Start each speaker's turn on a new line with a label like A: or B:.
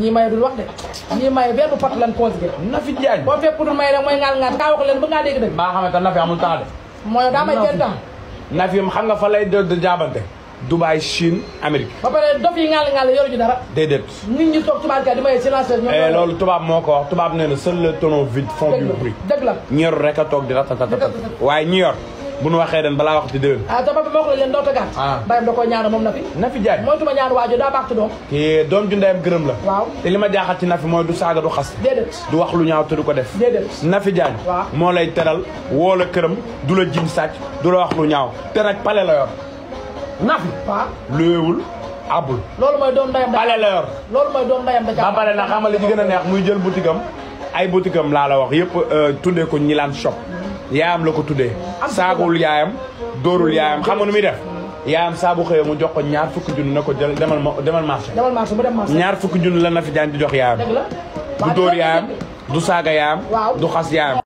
A: ñii may dul wax de ñii may benn pot lan consigé Nafi Diagne boo fekk dul may rek mooy ngaan ngaan kaa wax leen ba ngaa dégg dëgg maa xamante Nafi amul temps de mooy daa may jël temps
B: Nafi yom xam nga fa lay de jaabante Dubaï Chine Amérique
A: ba pare dof yi ngaal ngaal yoruñu dara déedéet nit ñi toog tubaab kay di may silencieux ñoom eh, loolu
B: tubaab moo ko wax tubaab nee na seul le tonneau vide fond du bruit dëgg la ñi yor rek a toog di ratatata waaye ñi yor bu nu waxee ren balaa ah, wax
A: la leen ndaw te gàtt ah. bàyyam da koy moom na na fi jaay mooy tuma ñaan waajur daa baaxtu
B: doom te gërëm la waaw li ma jaaxal ci Nafi mooy du saaga du xas déedéet du wax lu ñaaw te du ko def déedéet Nafi Diagne waaw moo lay teral woo la du la jim sàcc du wax lu ñaaw te pale la yor Nafi loolu mooy doom ndeyam la yor loolu mooy doom da ba pare na xamal li a neex muy jël boutique ay boutique laa la wax yëpp euh, tuddee ko ñilaan shop yaayam la ko tuddee saagul yaayam dóorul yaayam xam nga nu muy def yaayam saa bu xëyee mu jox ko ñaar fukki junni na ko jël demal demal marché ñaar fukki junni la na fi jaan di jox yaayam du dóor yaayam du saaga yaayam du xas yaayam